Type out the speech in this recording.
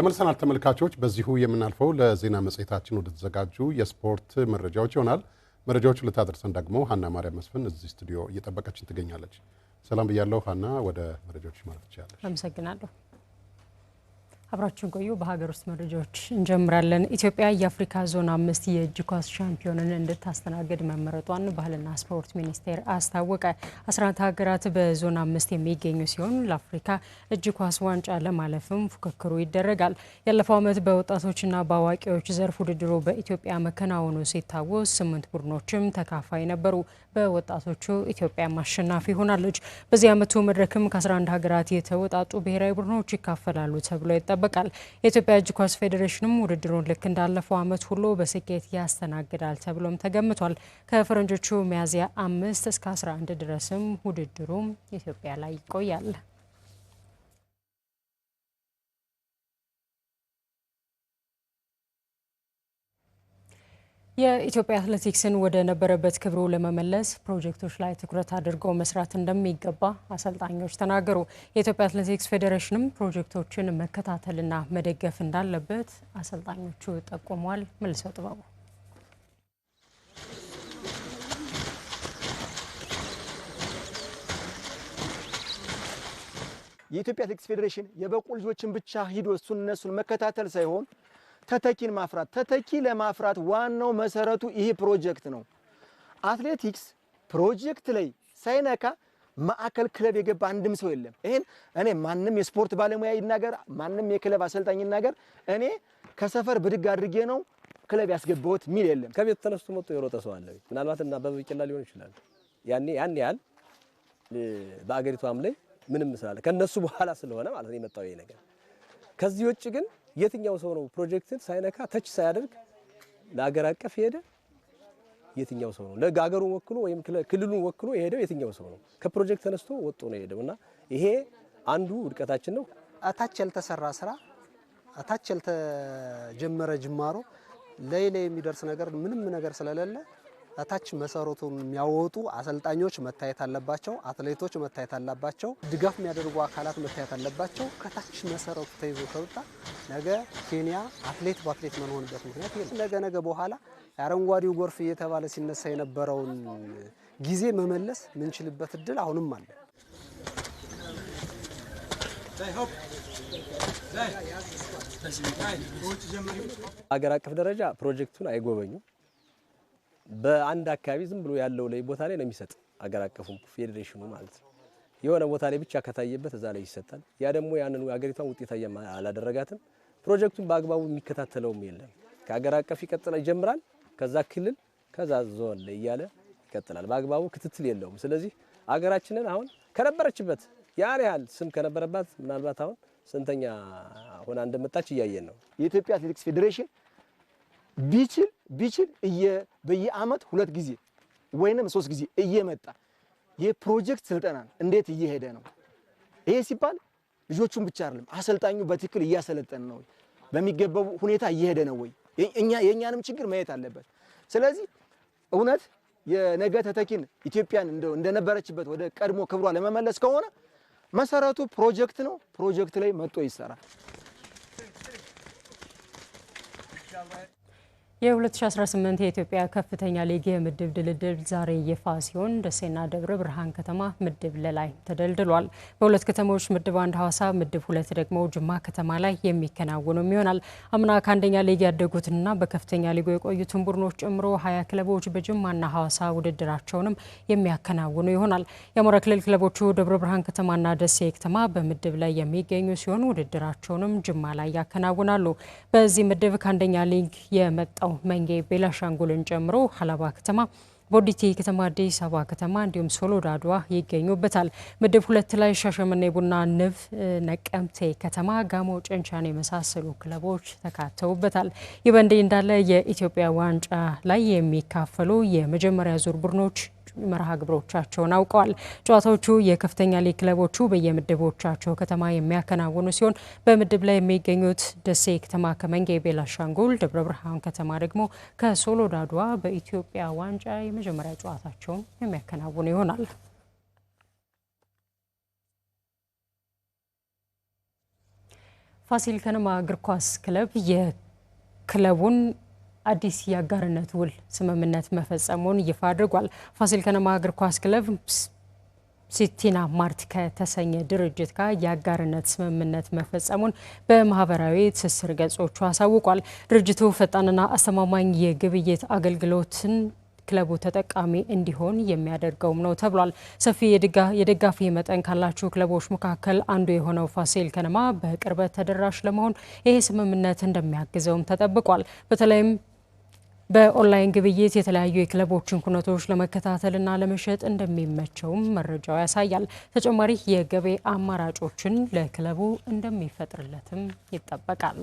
ተመልሰናል ተመልካቾች። በዚሁ የምናልፈው ለዜና መጽሔታችን ወደተዘጋጁ የስፖርት መረጃዎች ይሆናል። መረጃዎቹ ልታደርሰን ደግሞ ሀና ማርያም መስፍን እዚህ ስቱዲዮ እየጠበቀችን ትገኛለች። ሰላም ብያለሁ ሀና፣ ወደ መረጃዎች ማለት ትችላለች። አመሰግናለሁ። አብራችን ቆዩ። በሀገር ውስጥ መረጃዎች እንጀምራለን። ኢትዮጵያ የአፍሪካ ዞን አምስት የእጅ ኳስ ሻምፒዮንን እንድታስተናግድ መመረጧን ባህልና ስፖርት ሚኒስቴር አስታወቀ። አስራ አንድ ሀገራት በዞን አምስት የሚገኙ ሲሆን ለአፍሪካ እጅ ኳስ ዋንጫ ለማለፍም ፉክክሩ ይደረጋል። ያለፈው ዓመት በወጣቶችና በአዋቂዎች ዘርፍ ውድድሩ በኢትዮጵያ መከናወኑ ሲታወስ ስምንት ቡድኖችም ተካፋይ ነበሩ። በወጣቶቹ ኢትዮጵያ አሸናፊ ሆናለች። በዚህ ዓመቱ መድረክም ከ11 ሀገራት የተወጣጡ ብሔራዊ ቡድኖች ይካፈላሉ ተብሎ ይጠ ይጠበቃል። የኢትዮጵያ እጅ ኳስ ፌዴሬሽንም ውድድሩን ልክ እንዳለፈው ዓመት ሁሉ በስኬት ያስተናግዳል ተብሎም ተገምቷል። ከፈረንጆቹ ሚያዝያ አምስት እስከ 11 ድረስም ውድድሩም ኢትዮጵያ ላይ ይቆያል። የኢትዮጵያ አትሌቲክስን ወደ ነበረበት ክብሩ ለመመለስ ፕሮጀክቶች ላይ ትኩረት አድርገው መስራት እንደሚገባ አሰልጣኞች ተናገሩ። የኢትዮጵያ አትሌቲክስ ፌዴሬሽንም ፕሮጀክቶችን መከታተልና መደገፍ እንዳለበት አሰልጣኞቹ ጠቁመዋል። መልሰው ጥበቡ የኢትዮጵያ አትሌቲክስ ፌዴሬሽን የበቁ ልጆችን ብቻ ሂዶ እሱን እነሱን መከታተል ሳይሆን ተተኪን ማፍራት። ተተኪ ለማፍራት ዋናው መሰረቱ ይሄ ፕሮጀክት ነው። አትሌቲክስ ፕሮጀክት ላይ ሳይነካ ማዕከል ክለብ የገባ አንድም ሰው የለም። ይሄን እኔ ማንም የስፖርት ባለሙያ ይናገር፣ ማንም የክለብ አሰልጣኝ ይናገር፣ እኔ ከሰፈር ብድግ አድርጌ ነው ክለብ ያስገባሁት የሚል የለም። ከቤት ተነስቶ መጥቶ የሮጠ ሰው አለ። ምናልባት እና በብቅላ ሊሆን ይችላል። ያኔ ያን ያህል በአገሪቷም ላይ ምንም ስላለ ከነሱ በኋላ ስለሆነ ማለት ነው የመጣው ይሄ ነገር። ከዚህ ውጭ ግን የትኛው ሰው ነው ፕሮጀክትን ሳይነካ ተች ሳያደርግ ለሀገር አቀፍ የሄደ የትኛው ሰው ነው? ለሀገሩን ወክሎ ወይም ክልሉን ወክሎ የሄደው የትኛው ሰው ነው? ከፕሮጀክት ተነስቶ ወጦ ነው የሄደው እና ይሄ አንዱ ውድቀታችን ነው። አታች ያልተሰራ ስራ፣ አታች ያልተጀመረ ጅማሮ ለይለ የሚደርስ ነገር ምንም ነገር ስለሌለ ከታች መሰረቱን የሚያወጡ አሰልጣኞች መታየት አለባቸው። አትሌቶች መታየት አለባቸው። ድጋፍ የሚያደርጉ አካላት መታየት አለባቸው። ከታች መሰረቱ ተይዞ ከወጣ ነገ ኬንያ አትሌት በአትሌት መንሆንበት ምክንያት የለም። ነገ ነገ በኋላ የአረንጓዴው ጎርፍ እየተባለ ሲነሳ የነበረውን ጊዜ መመለስ ምንችልበት እድል አሁንም አለ። ሀገር አቀፍ ደረጃ ፕሮጀክቱን አይጎበኙም። በአንድ አካባቢ ዝም ብሎ ያለው ላይ ቦታ ላይ ነው የሚሰጥ አገር አቀፉ ፌዴሬሽኑ ማለት ነው። የሆነ ቦታ ላይ ብቻ ከታየበት እዛ ላይ ይሰጣል። ያ ደግሞ ያንን አገሪቷን ውጤታማ አላደረጋትም። ፕሮጀክቱን በአግባቡ የሚከታተለውም የለም። ከሀገር አቀፍ ይቀጥላል ይጀምራል፣ ከዛ ክልል፣ ከዛ ዞን ላይ እያለ ይቀጥላል። በአግባቡ ክትትል የለውም። ስለዚህ አገራችንን አሁን ከነበረችበት ያን ያህል ስም ከነበረባት ምናልባት አሁን ስንተኛ ሆና እንደመጣች እያየን ነው። የኢትዮጵያ አትሌቲክስ ፌዴሬሽን ቢችል ቢችል በየአመት ሁለት ጊዜ ወይንም ሶስት ጊዜ እየመጣ የፕሮጀክት ስልጠና እንዴት እየሄደ ነው? ይሄ ሲባል ልጆቹን ብቻ አይደለም፣ አሰልጣኙ በትክክል እያሰለጠን ነው በሚገባው ሁኔታ እየሄደ ነው ወይ? እኛ የእኛንም ችግር ማየት አለበት። ስለዚህ እውነት የነገ ተተኪን ኢትዮጵያን እንደነበረችበት ወደ ቀድሞ ክብሯ ለመመለስ ከሆነ መሰረቱ ፕሮጀክት ነው። ፕሮጀክት ላይ መጥቶ ይሰራል። የ2018 የኢትዮጵያ ከፍተኛ ሊግ የምድብ ድልድል ዛሬ ይፋ ሲሆን ደሴና ደብረ ብርሃን ከተማ ምድብ ለላይ ተደልድሏል። በሁለት ከተሞች ምድብ አንድ ሐዋሳ፣ ምድብ ሁለት ደግሞ ጅማ ከተማ ላይ የሚከናወኑም ይሆናል። አምና ከአንደኛ ሊግ ያደጉትንና በከፍተኛ ሊጉ የቆዩትን ቡድኖች ጨምሮ ሀያ ክለቦች በጅማና ሐዋሳ ውድድራቸውንም የሚያከናውኑ ይሆናል። የአማራ ክልል ክለቦቹ ደብረ ብርሃን ከተማና ደሴ ከተማ በምድብ ላይ የሚገኙ ሲሆን ውድድራቸውንም ጅማ ላይ ያከናውናሉ። በዚህ ምድብ ከአንደኛ ሊግ የመጣው በምርጫው መንጌ ቤላሻንጉልን ጨምሮ ሀላባ ከተማ ቦዲቲ ከተማ፣ አዲስ አበባ ከተማ እንዲሁም ሶሎ ዳድዋ ይገኙበታል። ምድብ ሁለት ላይ ሻሸመኔ ቡና፣ ንብ፣ ነቀምቴ ከተማ፣ ጋሞ ጭንቻን የመሳሰሉ ክለቦች ተካተውበታል። ይህ በእንዲህ እንዳለ የኢትዮጵያ ዋንጫ ላይ የሚካፈሉ የመጀመሪያ ዙር ቡድኖች መርሃ ግብሮቻቸውን አውቀዋል። ጨዋታዎቹ የከፍተኛ ሊግ ክለቦቹ በየምድቦቻቸው ከተማ የሚያከናውኑ ሲሆን በምድብ ላይ የሚገኙት ደሴ ከተማ ከመንጌ ቤላሻንጉል፣ ደብረ ብርሃን ከተማ ደግሞ ከሶሎ አድዋ በኢትዮጵያ ዋንጫ የመጀመሪያ ጨዋታቸውን የሚያከናውኑ ይሆናል። ፋሲል ከነማ እግር ኳስ ክለብ የክለቡን አዲስ የአጋርነት ውል ስምምነት መፈጸሙን ይፋ አድርጓል። ፋሲል ከነማ እግር ኳስ ክለብ ሲቲና ማርት ከተሰኘ ድርጅት ጋር የአጋርነት ስምምነት መፈጸሙን በማህበራዊ ትስስር ገጾቹ አሳውቋል። ድርጅቱ ፈጣንና አስተማማኝ የግብይት አገልግሎትን ክለቡ ተጠቃሚ እንዲሆን የሚያደርገውም ነው ተብሏል። ሰፊ የደጋፊ መጠን ካላቸው ክለቦች መካከል አንዱ የሆነው ፋሲል ከነማ በቅርበት ተደራሽ ለመሆን ይሄ ስምምነት እንደሚያግዘውም ተጠብቋል። በተለይም በኦንላይን ግብይት የተለያዩ የክለቦችን ኩነቶች ለመከታተልና ለመሸጥ እንደሚመቸውም መረጃው ያሳያል። ተጨማሪ የገበያ አማራጮችን ለክለቡ እንደሚፈጥርለትም ይጠበቃል።